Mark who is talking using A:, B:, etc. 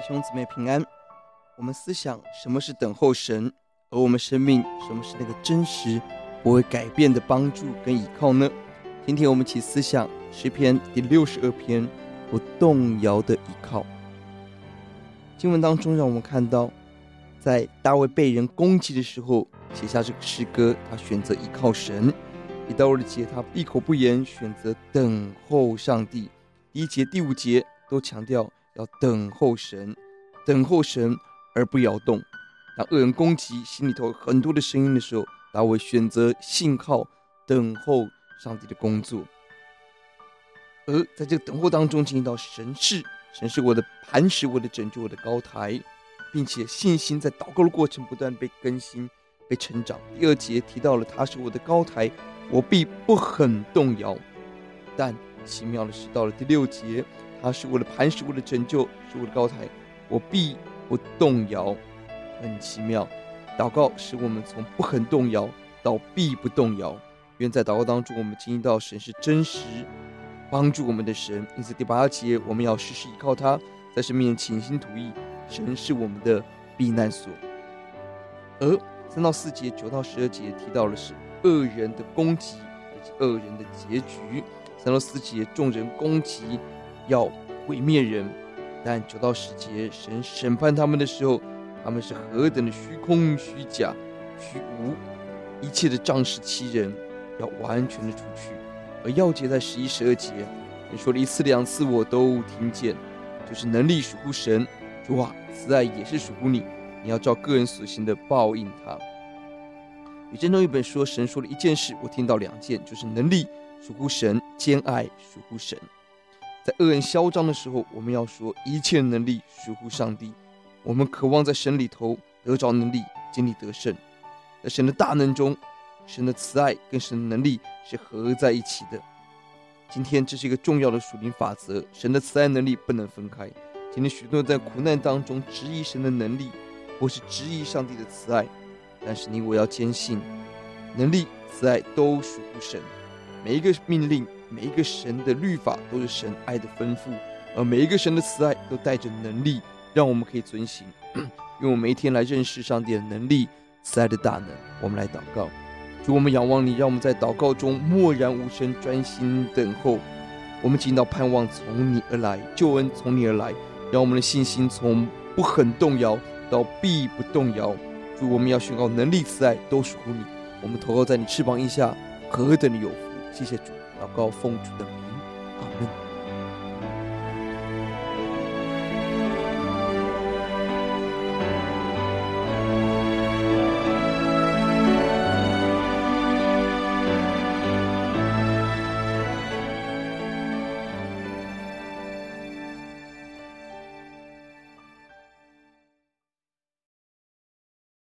A: 弟兄姊妹平安，我們思想什麼是等候神，而我們生命什麼是那個真實不會改變的幫助跟倚靠呢？今天我們一起思想詩篇第六十二篇，不動搖的倚靠。經文當中讓我們看到，在大衛被人攻擊的時候寫下這個詩歌，他選擇倚靠神；一到二節他閉口不言，選擇等候上帝。第一節、第五節都強調。要等候神，等候神，而不搖動。當惡人攻擊，心裡頭很多的聲音的時候，大衛選擇信靠等候上帝的工作。而在這個等候當中，進行到神是，神是我的磐石，我的拯救，我的高台，並且信心在禱告的過程不斷被更新、被成長。第二節提到了他是我的高台，我必不很動搖。但奇妙的是，到了第六節，他是我的磐石，我的拯救，是我的高台，我必不動搖。很奇妙，禱告使我們從不很動搖到必不動搖。願在禱告當中，我們經歷到神是真實幫助我們的神。因此，第八節我們要時時依靠他，在神面前傾心吐意，神是我們的避難所。而三到四節、九到十二節提到的是惡人的攻擊以及惡人的結局。三到四節，眾人攻擊，要毀滅人，但九到十節，神審判他們的時候，他們是何等的虛空、虛假、虛無，一切的仗勢欺人，要完全的除去。而鑰節在十一、十二節，神說了一次、兩次，我都聽見，就是能力屬乎神，主啊，慈愛也是屬乎你，你要照各人所行的報應他。呂振中譯本，神說了一件事，我聽到兩件，就是能力。屬乎神，堅愛屬乎神。在惡人囂張的時候，我們要說一切能力屬乎上帝。我們渴望在神裡頭得着能力，經歷得勝。在神的大能中，神的慈愛跟神的能力是合在一起的。今天這是一個重要的屬靈法則：神的慈愛能力不能分開。今天許多人在苦難當中質疑神的能力，或是質疑上帝的慈愛，但是你我要堅信，能力、慈愛都屬乎神。每一個命令，每一個神的律法都是神愛的吩咐，而每一個神的慈愛都帶着能力，讓我們可以遵行。 用我們每天來認識上帝的能力、慈愛的大能。我們來禱告，主，我們仰望你，讓我們在禱告中默然無聲，專心等候。我們今早盼望從你而來，救恩從你而來，讓我們的信心從不很動搖到必不動搖。主，我們要宣告能力、慈愛都屬於你，我們投靠在你翅膀以下，何等的有福！謝謝主，老高奉主的名。